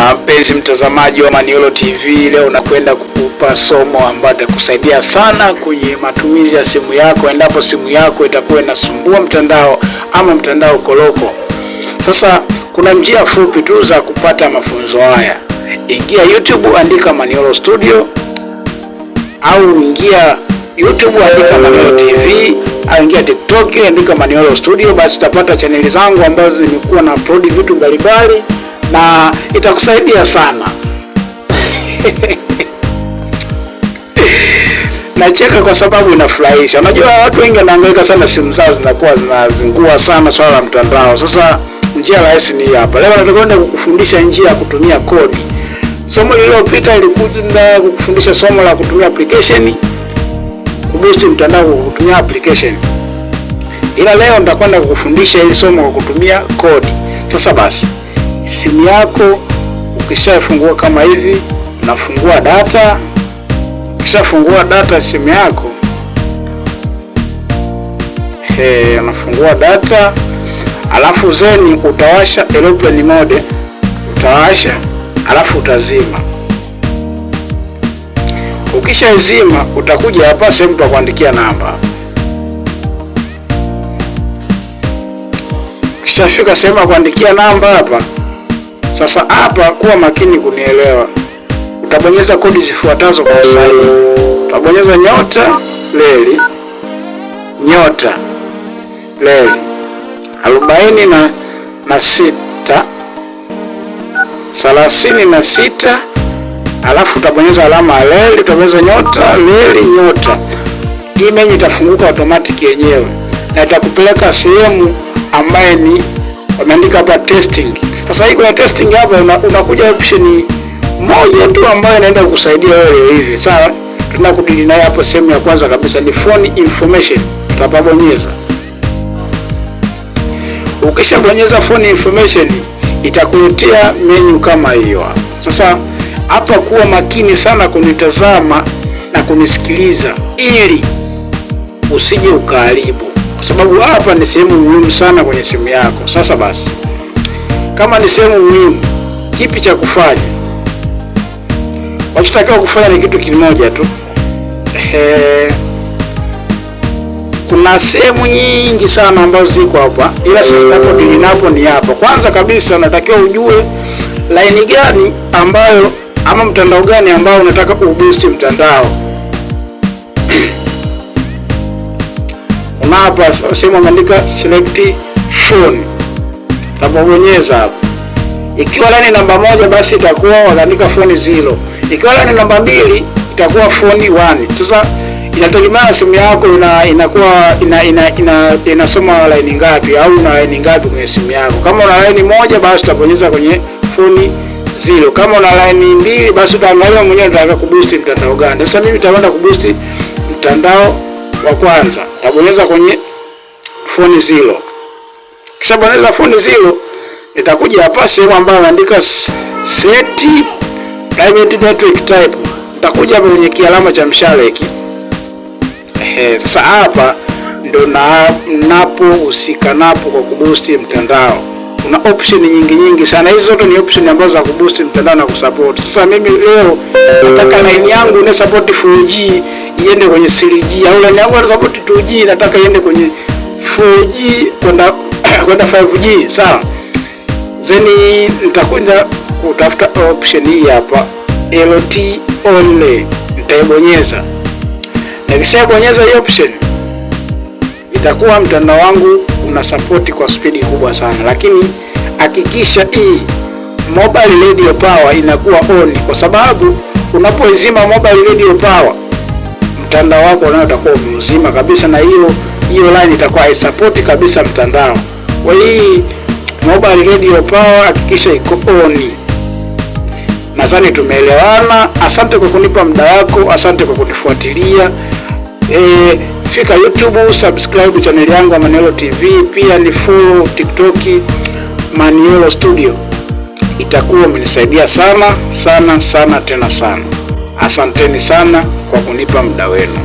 Ah, mpenzi uh, mtazamaji wa Maniolo TV, leo unakwenda kukupa somo ambalo litakusaidia sana kwenye matumizi ya simu yako, endapo simu yako itakuwa inasumbua mtandao ama mtandao koloko. Sasa kuna njia fupi tu za kupata mafunzo haya. Ingia YouTube, andika Maniolo Studio, au ingia YouTube andika Maniolo TV, au ingia TikTok andika Maniolo Studio, basi utapata chaneli zangu ambazo zimekuwa na upload vitu mbalimbali mbali na itakusaidia sana. Nacheka kwa sababu inafurahisha. Unajua, watu wengi wanahangaika sana, simu zao zinakuwa zinazingua sana swala la mtandao. Sasa njia rahisi ni hapa. Leo nataka kukufundisha njia ya kutumia kodi. Somo lililopita ilikuja kukufundisha somo la kutumia application, kuboost mtandao kwa kutumia application, ila leo nitakwenda kukufundisha hili somo kwa kutumia kodi. Sasa basi simu yako. Ukishafungua kama hivi, nafungua data. Ukishafungua data simu yako, he, eh, nafungua data alafu zeni utawasha aeroplane mode, utawasha alafu utazima. Ukishazima utakuja hapa sehemu pa kuandikia namba. Ukishafika sehemu ya kuandikia namba hapa sasa hapa kuwa makini kunielewa. Utabonyeza kodi zifuatazo kwa usahihi. Utabonyeza nyota leli nyota leli arobaini na, na sita thelathini na sita alafu utabonyeza alama ya leli, utabonyeza nyota leli nyota, email itafunguka automatic yenyewe na itakupeleka sehemu ambaye ni wameandika hapa testing. Sasa hii kuna testing hapa, unakuja una option moja tu ambayo inaenda kukusaidia wewe hivi. Sawa, tunakudili naye hapo. Sehemu ya kwanza kabisa ni phone information, tutapabonyeza. Ukishabonyeza phone information itakuletea menu kama hiyo. Sasa hapa kuwa makini sana kunitazama na kunisikiliza ili usije ukaharibu, kwa sababu hapa ni sehemu muhimu sana kwenye simu yako. Sasa basi kama ni sehemu muhimu, kipi cha kufanya? Wachotakiwa kufanya ni kitu kimoja tu. Ehe, kuna sehemu nyingi sana ambazo ziko hapa, ila sisi eh. napo ni hapa. Kwanza kabisa, unatakiwa ujue laini gani ambayo ama mtandao gani ambao unataka kuboost mtandao una sehemu ameandika select phone utabonyeza hapo. Ikiwa laini namba moja, basi itakuwa wanaandika phone zero. Ikiwa laini namba mbili, itakuwa phone one. Sasa inategemea simu yako ina inakuwa ina ina ina inasoma ina laini ngapi au una laini ngapi kwenye simu yako. Kama una laini moja, basi utabonyeza kwenye phone zero. Kama una laini mbili, basi utaangalia mwenyewe unataka kuboost mtandao gani. Sasa mimi nitaenda kuboost mtandao wa kwanza, tabonyeza kwenye phone zero kisha Kishabonyeza fundi zero, itakuja hapa sehemu ambayo naandika set private network type. itakuja hapa kwenye kialama cha mshale hiki. Ehe, sasa hapa ndo na napo husika napo kwa kuboost mtandao. Kuna option nyingi nyingi sana, hizo zote ni option ambazo za kuboost mtandao na kusupport. Sasa mimi leo nataka line yangu ni support 4G iende kwenye 3G, au line yangu ni support 2G, nataka iende kwenye 4G kwenda kwenda 5G sawa. Then nitakwenda kutafuta option hii hapa LT only, nitaibonyeza. Nikishabonyeza hii option itakuwa mtandao wangu una support kwa spidi kubwa sana, lakini hakikisha hii mobile radio power inakuwa on, kwa sababu unapoizima mobile radio power mtandao wako nao utakuwa umezima kabisa, na hiyo hiyo line itakuwa haisapoti kabisa mtandao. Kwa hii mobile radio power hakikisha iko on. Nadhani tumeelewana. Asante kwa kunipa muda wako, asante kwa kunifuatilia. E, fika YouTube, subscribe chaneli yangu ya Maniolo TV, pia ni follow TikTok Maniolo Studio. Itakuwa umenisaidia sana sana sana tena sana. Asanteni sana kwa kunipa muda wenu.